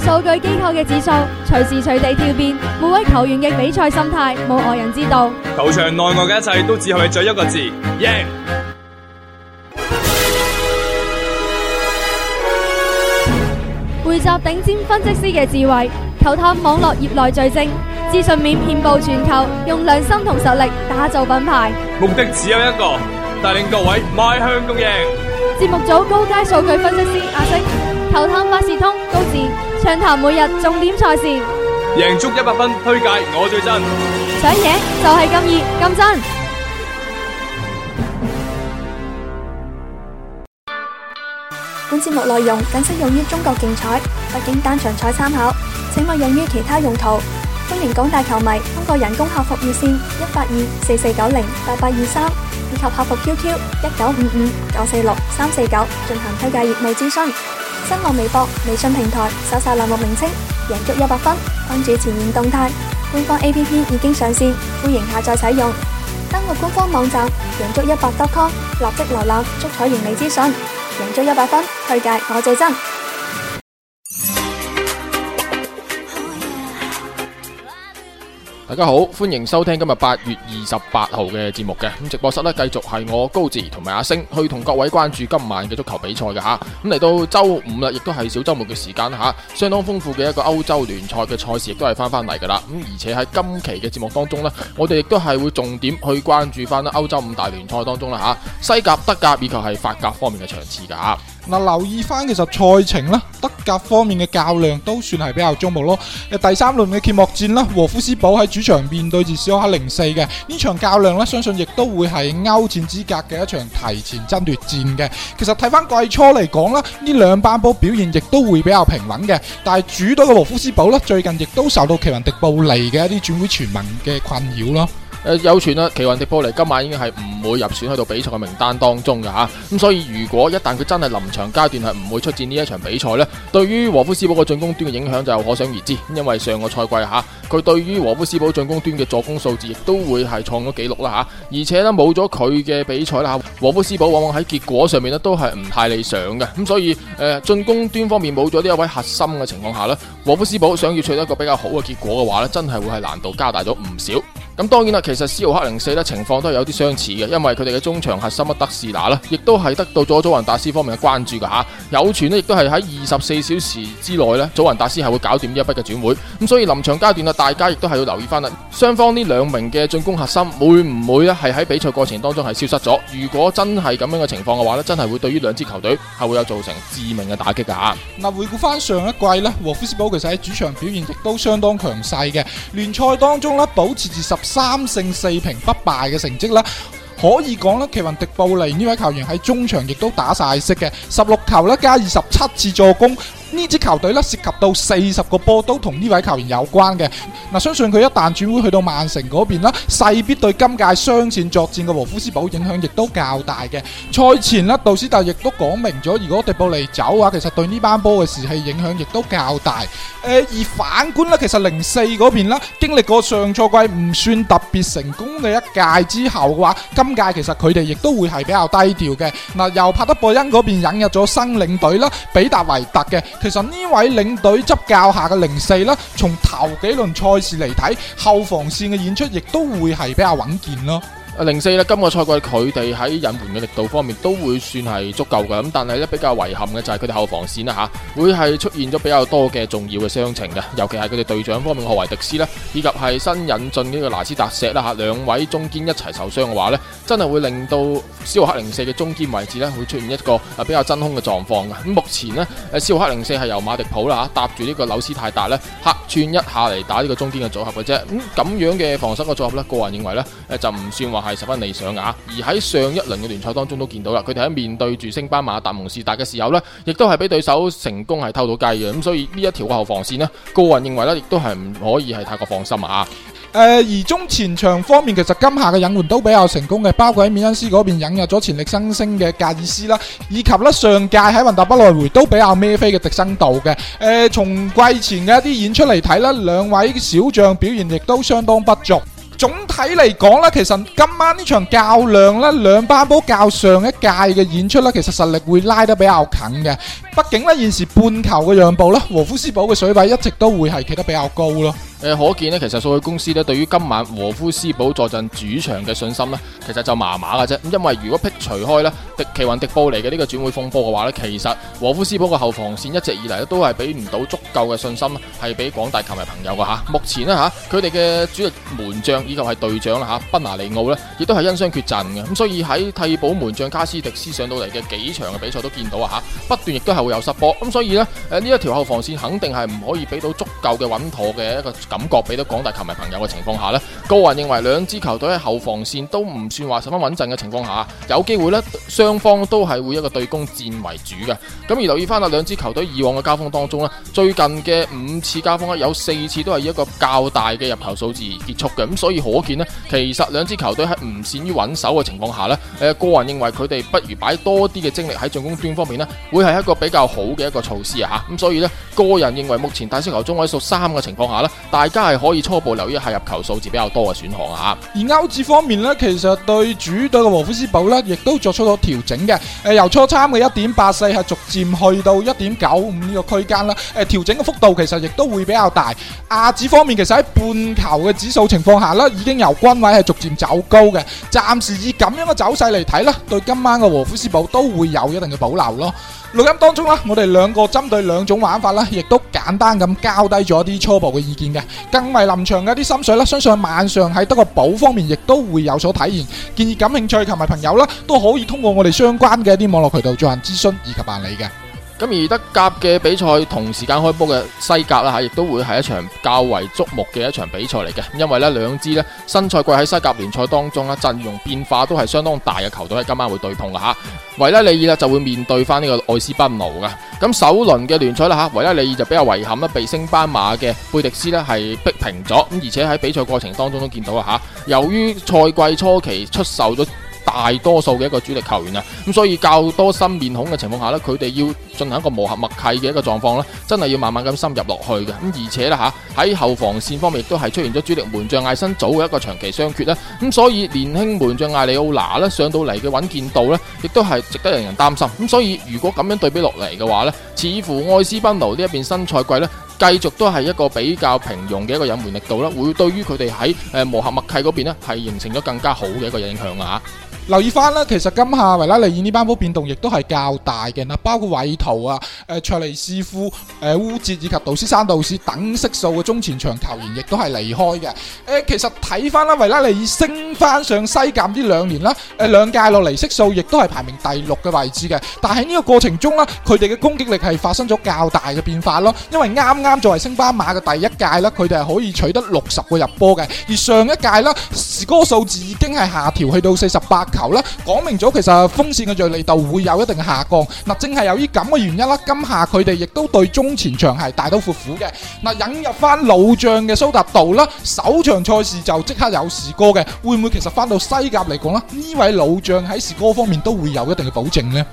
數據機構嘅指數隨時隨地跳變，每位球員嘅比賽心態冇外人知道。球場內外嘅一切都只係最一個字：贏。匯集頂尖分析師嘅智慧，球探網絡業內最精，資訊面遍佈全球，用良心同實力打造品牌。目的只有一個，帶領各位邁向共贏。節目組高階數據分析師阿星。球探發事通高志暢談每日重點賽事。 新浪微博、微信平台搜索欄目名稱，贏足一百分，關注前沿動態。官方 A P P 已經上線，歡迎下載使用。登錄官方網站贏足一百大家好，歡迎收聽今日八月二十八號嘅節目嘅，咁直播室呢，繼續係我高志同埋阿星去同各位關注今晚嘅足球比賽嘅吓，咁嚟到周五啦，亦都係小周末嘅時間吓，相當豐富嘅一個歐洲聯賽嘅賽事亦都係翻翻嚟噶啦咁，而且喺今期嘅節目當中呢，我哋亦都係會重點去關注翻啦歐洲五大聯賽當中啦吓西甲、德甲以及係法甲方面嘅場次噶吓。嗱，留意翻其實賽程啦，德甲方面嘅較量都算係比較矚目咯。第三輪嘅揭幕戰啦，和夫斯堡喺主場面對住，史浩克零四嘅呢場較量咧，相信亦都會係歐戰資格嘅一場提前爭奪戰嘅。其實睇翻季初嚟講啦，呢兩班波表現亦都會比較平穩嘅，但係主隊嘅和夫斯堡咧最近亦都受到奇雲迪布尼嘅一啲轉會傳聞嘅困擾咯。誒、呃，有傳啦，奇雲迪波尼今晚已經係唔會入選喺到比賽嘅名單當中嘅吓，咁、啊、所以如果一旦佢真係臨場階段係唔會出戰呢一場比賽呢，對於和夫斯堡嘅進攻端嘅影響就可想而知。因為上個賽季吓，佢、啊、對於和夫斯堡進攻端嘅助攻數字亦都會係創咗紀錄啦吓，而且咧冇咗佢嘅比賽啦、啊，和夫斯堡往往喺結果上面咧都係唔太理想嘅咁、啊，所以誒進、呃、攻端方面冇咗呢一位核心嘅情況下咧，和夫斯堡想要取得一個比較好嘅結果嘅話咧，真係會係難度加大咗唔少。咁當然啦，其實史浩克零四呢情況都係有啲相似嘅，因為佢哋嘅中場核心阿德士拿呢亦都係得到咗祖雲達斯方面嘅關注㗎。有傳呢亦都係喺二十四小時之內呢，祖雲達斯係會搞掂呢一筆嘅轉會。咁所以臨場階段啊，大家亦都係要留意翻啦。雙方呢兩名嘅進攻核心會唔會呢係喺比賽過程當中係消失咗？如果真係咁樣嘅情況嘅話呢，真係會對於兩支球隊係會有造成致命嘅打擊噶嚇。嗱，回顧翻上一季呢，和夫斯堡其實喺主場表現亦都相當強勢嘅，聯賽當中呢，保持住十三勝四平不敗嘅成績啦，可以講啦，奇雲迪布尼呢位球員喺中場亦都打晒色嘅，十六球啦加二十七次助攻。呢支球隊咧，涉及到四十個波都同呢位球員有關嘅。嗱，相信佢一旦轉會去到曼城嗰邊啦，勢必對今屆雙線作戰嘅和夫斯堡影響亦都較大嘅。賽前啦，杜斯達亦都講明咗，如果迪布尼走嘅話，其實對呢班波嘅士氣影響亦都較大。誒，而反觀啦，其實零四嗰邊啦，經歷過上個賽季唔算特別成功嘅一屆之後嘅話，今屆其實佢哋亦都會係比較低調嘅。嗱，由帕德博恩嗰邊引入咗新領隊啦，比達維特嘅。其實呢位領隊執教下嘅零四咧，從頭幾輪賽事嚟睇，後防線嘅演出亦都會係比較穩健咯。零四咧，今個賽季佢哋喺引援嘅力度方面都會算係足夠噶，咁但係咧比較遺憾嘅就係佢哋後防線啦吓，會係出現咗比較多嘅重要嘅傷情嘅，尤其係佢哋隊長方面嘅霍維迪斯呢，以及係新引進呢個拿斯達石啦吓，兩位中堅一齊受傷嘅話呢，真係會令到史浩克零四嘅中堅位置呢，會出現一個比較真空嘅狀況噶。咁目前呢，誒史浩克零四係由馬迪普啦吓搭住呢個紐斯泰達呢，客串一下嚟打呢個中堅嘅組合嘅啫，咁、嗯、咁樣嘅防守嘅組合呢，個人認為呢，就唔算話。係十分理想啊！而喺上一輪嘅聯賽當中都見到啦，佢哋喺面對住升班馬達蒙士達嘅時候呢，亦都係俾對手成功係偷到雞嘅。咁所以呢一條嘅後防線呢，高雲認為呢，亦都係唔可以係太過放心啊！誒、呃，而中前場方面，其實今夏嘅引援都比較成功嘅，包括喺米恩斯嗰邊引入咗潛力新星嘅格爾斯啦，以及呢上屆喺雲達不萊回都比較孭飛嘅迪生道嘅。誒、呃，從季前嘅一啲演出嚟睇呢，兩位小將表現亦都相當不俗。總體嚟講啦，其實今晚這場較量啦，兩班波較上一屆的演出啦，其實實力會拉得比較近嘅。畢竟呢現時半球的讓步咧，禾夫斯堡的水位一直都會係企得比較高咯。誒，可見呢，其實數據公司咧對於今晚和夫斯堡坐鎮主場嘅信心呢，其實就麻麻嘅啫。因為如果撇除開呢，迪奇雲迪布尼嘅呢個轉會風波嘅話呢，其實和夫斯堡嘅後防線一直以嚟都係俾唔到足夠嘅信心，係俾廣大球迷朋友嘅吓。目前呢，吓，佢哋嘅主力門將以及係隊長啦吓，賓拿利奧呢，亦都係因傷缺陣嘅。咁所以喺替補門將卡斯迪斯上到嚟嘅幾場嘅比賽都見到啊吓，不斷亦都係會有失波。咁所以呢，誒呢一條後防線肯定係唔可以俾到足夠嘅穩妥嘅一個。感覺俾到廣大球迷朋友嘅情況下呢個人認為兩支球隊喺後防線都唔算話十分穩陣嘅情況下，有機會呢雙方都係會一個對攻戰為主嘅。咁而留意翻啊，兩支球隊以往嘅交鋒當中呢最近嘅五次交鋒有四次都係以一個較大嘅入球數字而結束嘅，咁所以可見呢，其實兩支球隊喺唔善於穩守嘅情況下呢誒個人認為佢哋不如擺多啲嘅精力喺進攻端方面呢會係一個比較好嘅一個措施啊，咁所以呢，個人認為目前大細球中位數三嘅情況下呢大家係可以初步留意下入球數字比較多嘅選項啊！而歐指方面呢，其實對主隊嘅禾夫斯堡呢，亦都作出咗調整嘅。誒，由初參嘅一點八四係逐漸去到一點九五呢個區間啦。誒，調整嘅幅度其實亦都會比較大。亞指方面，其實喺半球嘅指數情況下呢，已經由均位係逐漸走高嘅。暫時以咁樣嘅走勢嚟睇呢，對今晚嘅禾夫斯堡都會有一定嘅保留咯。錄音當中啦，我哋兩個針對兩種玩法啦，亦都簡單咁交低咗啲初步嘅意見嘅，更為臨場嘅一啲心水啦。相信晚上喺得個保方面亦都會有所體現，建議感興趣嘅球迷朋友啦，都可以通過我哋相關嘅一啲網絡渠道進行諮詢以及辦理嘅。咁而德甲嘅比賽同時間開波嘅西甲啦，亦都會係一場較為矚目嘅一場比賽嚟嘅，因為呢兩支呢，新賽季喺西甲聯賽當中呢，陣容變化都係相當大嘅球隊今晚會對碰喇。嚇。維拉利爾呢就會面對返呢個愛斯賓奴嘅，咁首輪嘅聯賽啦，維拉利爾就比較遺憾啦，被升班馬嘅貝迪斯呢係逼平咗，咁而且喺比賽過程當中都見到啊，由於賽季初期出售咗。大多數嘅一個主力球員啊，咁所以較多新面孔嘅情況下呢，佢哋要進行一個磨合默契嘅一個狀況呢真係要慢慢咁深入落去嘅。咁而且啦吓喺後防線方面亦都係出現咗主力門將艾森組嘅一個長期傷缺啦，咁所以年輕門將艾利奧拿呢，上到嚟嘅穩健度呢，亦都係值得令人擔心咁。所以如果咁樣對比落嚟嘅話呢，似乎愛斯賓奴呢一邊新賽季呢，繼續都係一個比較平庸嘅一個引援力度啦，會對於佢哋喺誒磨合默契嗰邊呢係形成咗更加好嘅一個影響啊！留意翻啦，其實今夏維拉利爾呢班波變動亦都係較大嘅啦，包括韋爾圖啊、誒、呃、卓尼斯夫、誒烏捷以及杜斯山道士等色素嘅中前場球員亦都係離開嘅、呃。其實睇翻啦，維拉利爾升翻上西甲呢兩年啦，誒兩屆落嚟色素亦都係排名第六嘅位置嘅，但喺呢個過程中啦，佢哋嘅攻擊力係發生咗較大嘅變化咯，因為啱啱作為升班馬嘅第一屆啦，佢哋係可以取得六十個入波嘅，而上一屆啦，嗰個數字已經係下調去到四十八。球啦，講明咗其實鋒線嘅銳利度會有一定下降。嗱，正係由於咁嘅原因啦，今夏佢哋亦都對中前場係大刀闊斧嘅。嗱，引入翻老將嘅蘇達道啦，首場賽事就即刻有士戈嘅，會唔會其實翻到西甲嚟講啦？呢位老將喺士戈方面都會有一定嘅保證呢。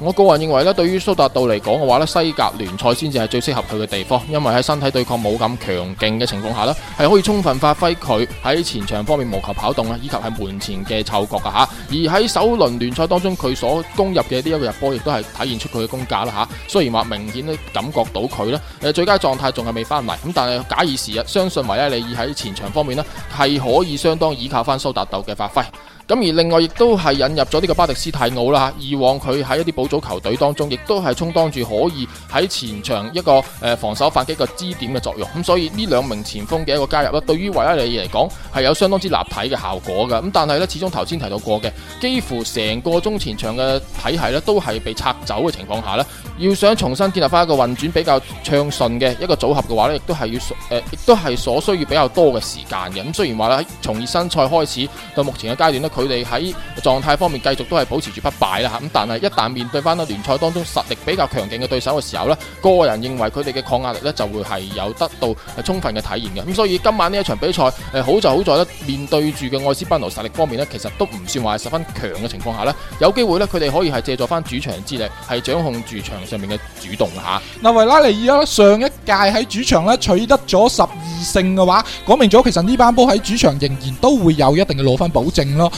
我個人認為咧，對於蘇達道嚟講嘅話咧，西甲聯賽先至係最適合佢嘅地方，因為喺身體對抗冇咁強勁嘅情況下咧，係可以充分發揮佢喺前場方面無球跑動啊，以及係門前嘅嗅覺噶吓。而喺首輪聯賽當中，佢所攻入嘅呢一個入波，亦都係體現出佢嘅功架啦吓。雖然話明顯都感覺到佢誒最佳狀態仲係未翻埋，咁但係假以時日，相信維拉利爾喺前場方面咧係可以相當倚靠翻蘇達道嘅發揮。咁而另外亦都係引入咗呢個巴迪斯泰奧啦，以往佢喺一啲補組球隊當中，亦都係充當住可以喺前場一個誒防守反擊個支點嘅作用。咁所以呢兩名前鋒嘅一個加入啦，對於維拉利嚟講係有相當之立體嘅效果嘅。咁但係咧，始終頭先提到過嘅，幾乎成個中前場嘅體系咧都係被拆走嘅情況下咧，要想重新建立翻一個運轉比較暢順嘅一個組合嘅話咧，亦都係要誒亦都係所需要比較多嘅時間嘅。咁雖然話啦，從熱身賽開始到目前嘅階段咧。佢哋喺狀態方面繼續都係保持住不敗啦嚇，咁但係一旦面對翻咧聯賽當中實力比較強勁嘅對手嘅時候咧，個人認為佢哋嘅抗壓力咧就會係有得到充分嘅體現嘅。咁所以今晚呢一場比賽，誒好就好在咧，面對住嘅愛斯賓奴實力方面咧，其實都唔算話係十分強嘅情況下咧，有機會咧佢哋可以係借助翻主場之力，係掌控住場上面嘅主動嚇。嗱，維拉尼爾上一屆喺主場咧取得咗十二勝嘅話，講明咗其實呢班波喺主場仍然都會有一定嘅攞分保證咯。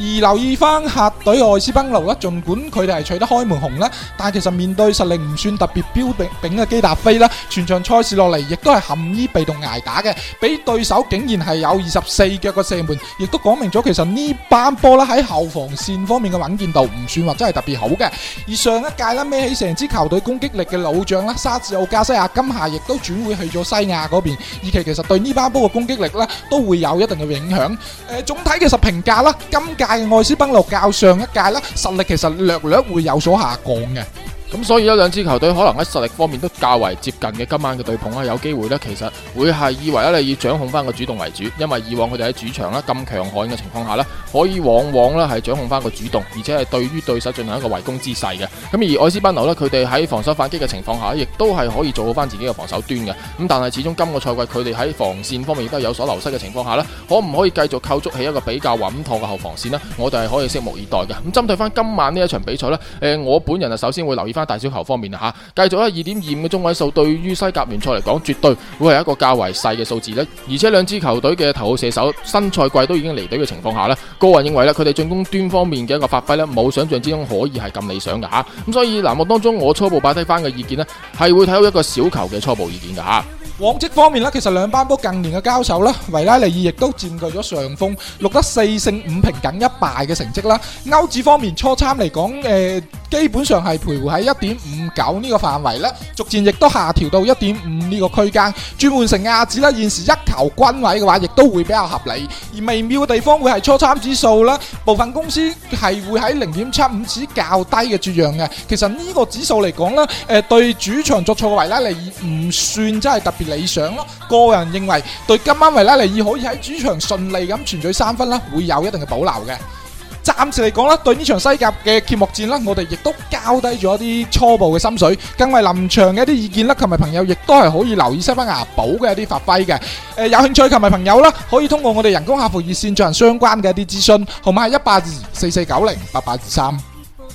而留意返客隊愛斯賓奴盡管，佢哋係取得開門紅，但其實面對實力唔算特別標炳嘅，基達菲全場賽事落嚟亦都係陷於被動捱打嘅，畀對手竟然係有24但係奧斯賓路較上一屆啦，實力其實略略會有所下降嘅。咁所以呢，兩支球隊可能喺實力方面都較為接近嘅，今晚嘅對碰係、啊、有機會呢，其實會係以為咧，係以掌控翻個主動為主，因為以往佢哋喺主場呢咁強悍嘅情況下呢，可以往往呢係掌控翻個主動，而且係對於對手進行一個圍攻之勢嘅。咁而愛斯班奴呢，佢哋喺防守反擊嘅情況下，亦都係可以做好翻自己嘅防守端嘅。咁但係始終今個賽季佢哋喺防線方面亦都有所流失嘅情況下呢，可唔可以繼續構築起一個比較穩妥嘅後防線呢？我哋係可以拭目以待嘅。咁針對翻今晚呢一場比賽呢，誒，我本人啊，首先會留意翻。大小球方面啊吓，繼續一二點二五嘅中位數，對於西甲聯賽嚟講，絕對會係一個較為細嘅數字咧。而且兩支球隊嘅頭號射手新賽季都已經離隊嘅情況下咧，個人認為咧，佢哋進攻端方面嘅一個發揮咧，冇想象之中可以係咁理想嘅吓。咁所以欄目當中，我初步擺低翻嘅意見咧，係會睇到一個小球嘅初步意見嘅吓。往績方面咧，其實兩班波近年嘅交手咧，維拉利爾亦都佔據咗上風，錄得四勝五平僅一敗嘅成績啦。歐指方面，初參嚟講誒。呃基本上係徘徊喺一點五九呢個範圍咧，逐漸亦都下調到一點五呢個區間，轉換成亞指咧，現時一球均位嘅話，亦都會比較合理。而微妙嘅地方會係初參指數啦，部分公司係會喺零點七五指較低嘅注樣嘅。其實呢個指數嚟講咧，誒對主場作錯嘅維拉利爾唔算真係特別理想咯。個人認為對今晚維拉利爾可以喺主場順利咁全取三分啦，會有一定嘅保留嘅。暫時嚟講啦，對呢場西甲嘅揭幕戰啦，我哋亦都交低咗一啲初步嘅心水，更為臨場嘅一啲意見啦。球迷朋友亦都係可以留意西班牙保嘅一啲發揮嘅。誒，有興趣球迷朋友啦，可以通過我哋人工客服熱線進行相關嘅一啲諮詢，號碼係一八二四四九零八八二三。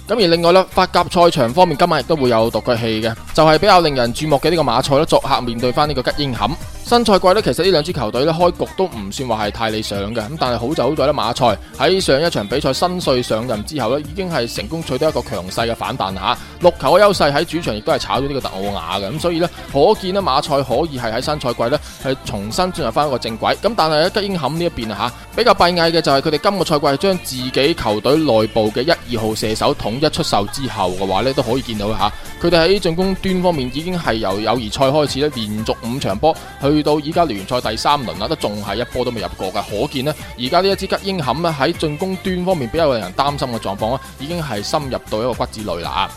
咁而另外啦，法甲賽場方面，今晚亦都會有獨腳戲嘅，就係、是、比較令人注目嘅呢個馬賽啦。作客面對翻呢個吉英坎新賽季咧，其實呢兩支球隊咧開局都唔算話係太理想嘅。咁但係好就好在咧，馬賽喺上一場比賽新帥上任之後咧，已經係成功取得一個強勢嘅反彈吓，六球嘅優勢喺主場亦都係炒咗呢個特魯瓦嘅。咁所以咧，可見咧馬賽可以係喺新賽季咧係重新進入翻一個正軌。咁但係吉英坎呢一邊啊吓，比較閉翳嘅就係佢哋今個賽季將自己球隊內部嘅一二號射手同一出售之後嘅話呢，都可以見到吓，佢哋喺進攻端方面已經係由友誼賽開始咧，連續五場波，去到依家聯賽第三輪啦，都仲係一波都未入過嘅。可見呢，而家呢一支吉英坎咧喺進攻端方面比較令人擔心嘅狀況啦，已經係深入到一個骨子裏啦。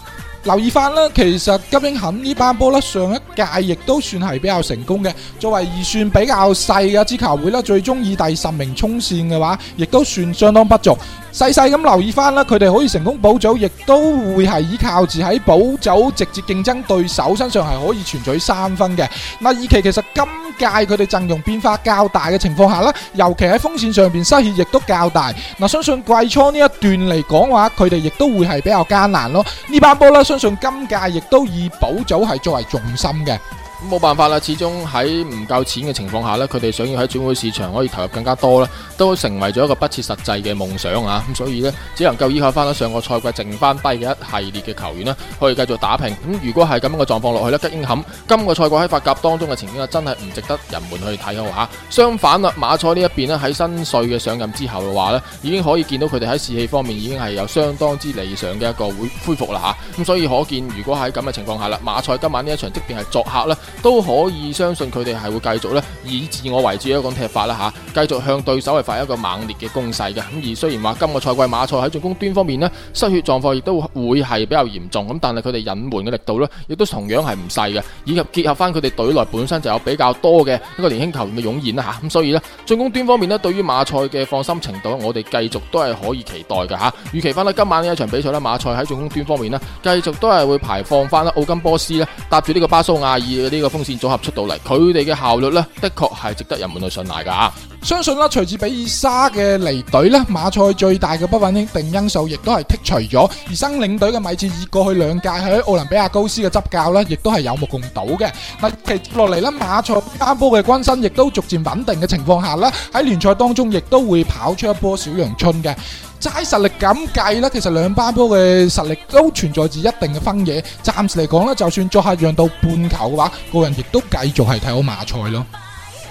留意翻啦，其實吉英坎呢班波咧，上一屆亦都算係比較成功嘅。作為預算比較細嘅一支球會啦，最終以第十名衝線嘅話，亦都算相當不俗。細細咁留意翻啦，佢哋可以成功保組，亦都會係依靠住喺保組直接競爭對手身上係可以存取三分嘅。嗱，以期其，其實今屆佢哋陣容變化較大嘅情況下啦，尤其喺鋒線上邊失血亦都較大。嗱，相信季初呢一段嚟講話，話，佢哋亦都會係比較艱難咯。呢班波啦，相信今屆亦都以保組係作為重心嘅。冇辦法啦，始終喺唔夠錢嘅情況下呢，佢哋想要喺轉會市場可以投入更加多咧，都成為咗一個不切實際嘅夢想啊！咁所以呢，只能夠依靠翻上個賽季剩翻低嘅一系列嘅球員呢，可以繼續打拼。咁如果係咁樣嘅狀況落去呢，吉英冚今、這個賽季喺法甲當中嘅情景真係唔值得人們去睇嘅話，相反啦，馬賽呢一邊呢喺新帥嘅上任之後嘅話呢，已經可以見到佢哋喺士氣方面已經係有相當之理想嘅一個會恢復啦吓。咁所以可見，如果喺咁嘅情況下啦，馬賽今晚呢一場，即便係作客咧。都可以相信佢哋係會繼續咧以自我為主一個踢法啦吓，繼續向對手係發一個猛烈嘅攻勢嘅。咁而雖然話今個賽季馬賽喺進攻端方面呢，失血狀況亦都會係比較嚴重，咁但係佢哋隱瞞嘅力度呢，亦都同樣係唔細嘅，以及結合翻佢哋隊內本身就有比較多嘅一個年輕球員嘅湧現啦吓，咁所以呢進攻端方面呢，對於馬賽嘅放心程度，我哋繼續都係可以期待嘅吓。預期翻呢今晚呢一場比賽呢，馬賽喺進攻端方面呢，繼續都係會排放翻啦，奧金波斯呢，搭住呢個巴蘇亞爾。呢個風扇組合出到嚟，佢哋嘅效率咧，的確係值得人們去信賴噶。相信啦，隨住比爾沙嘅離隊咧，馬賽最大嘅不穩定因素亦都係剔除咗。而新領隊嘅米切爾過去兩屆喺奧林比亞高斯嘅執教咧，亦都係有目共睹嘅。嗱，接落嚟啦，馬賽三波嘅軍心亦都逐漸穩定嘅情況下啦，喺聯賽當中亦都會跑出一波小陽春嘅。齋實力咁計呢，其實兩班波嘅實力都存在住一定嘅分野。暫時嚟講呢，就算作客讓到半球嘅話，個人亦都繼續係睇好馬賽咯。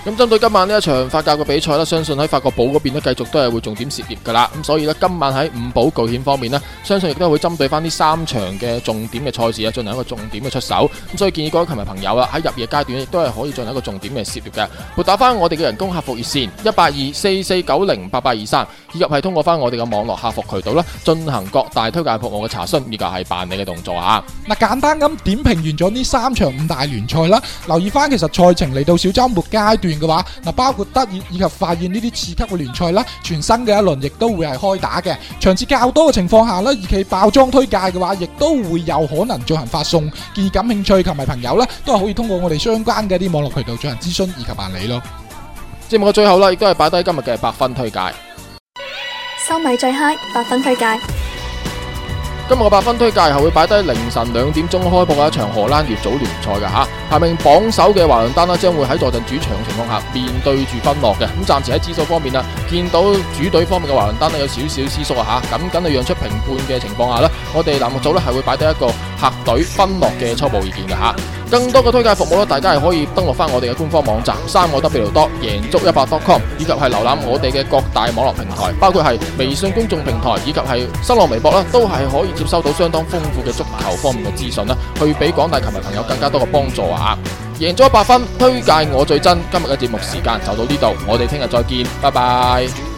咁針對今晚呢一場法甲嘅比賽呢，相信喺法國寶嗰邊都繼續都係會重點涉獵噶啦。咁所以呢，今晚喺五寶保險方面呢，相信亦都會針對翻呢三場嘅重點嘅賽事啊，進行一個重點嘅出手。咁所以建議各位球迷朋友啊，喺入夜階段亦都係可以進行一個重點嘅涉獵嘅。撥打翻我哋嘅人工客服熱線一八二四四九零八八二三。以及係通過翻我哋嘅網絡客服渠道啦，進行各大推介服務嘅查詢，以及係辦理嘅動作啊。嗱，簡單咁點評完咗呢三場五大聯賽啦，留意翻其實賽程嚟到小周末階段嘅話，嗱，包括得以,以及發現呢啲次級嘅聯賽啦，全新嘅一輪亦都會係開打嘅。場次較多嘅情況下呢，而其爆裝推介嘅話，亦都會有可能進行發送。建議感興趣同埋朋友呢，都係可以通過我哋相關嘅啲網絡渠道進行諮詢以及辦理咯。節目嘅最後啦，亦都係擺低今日嘅百分推介。收米最嗨，八分推介。今日嘅八分推介係會擺低凌晨兩點鐘開播嘅一場荷蘭乙組聯賽嘅吓，排名榜首嘅華倫丹啦，將會喺坐陣主場嘅情況下面對住分落嘅。咁暫時喺指數方面啦，見到主隊方面嘅華倫丹有少少收縮啊吓，僅僅係讓出平半嘅情況下呢，我哋欄目組咧係會擺低一個客隊分落嘅初步意見嘅吓。更多嘅推介服務咧，大家係可以登錄翻我哋嘅官方網站三個 W 多贏足一百 dot com，以及係瀏覽我哋嘅各大網絡平台，包括係微信公眾平台以及係新浪微博啦，都係可以接收到相當豐富嘅足球方面嘅資訊啦，去俾廣大球迷朋友更加多嘅幫助啊！贏足 100FUN，推介我最真。今日嘅節目時間就到呢度，我哋聽日再見，拜拜。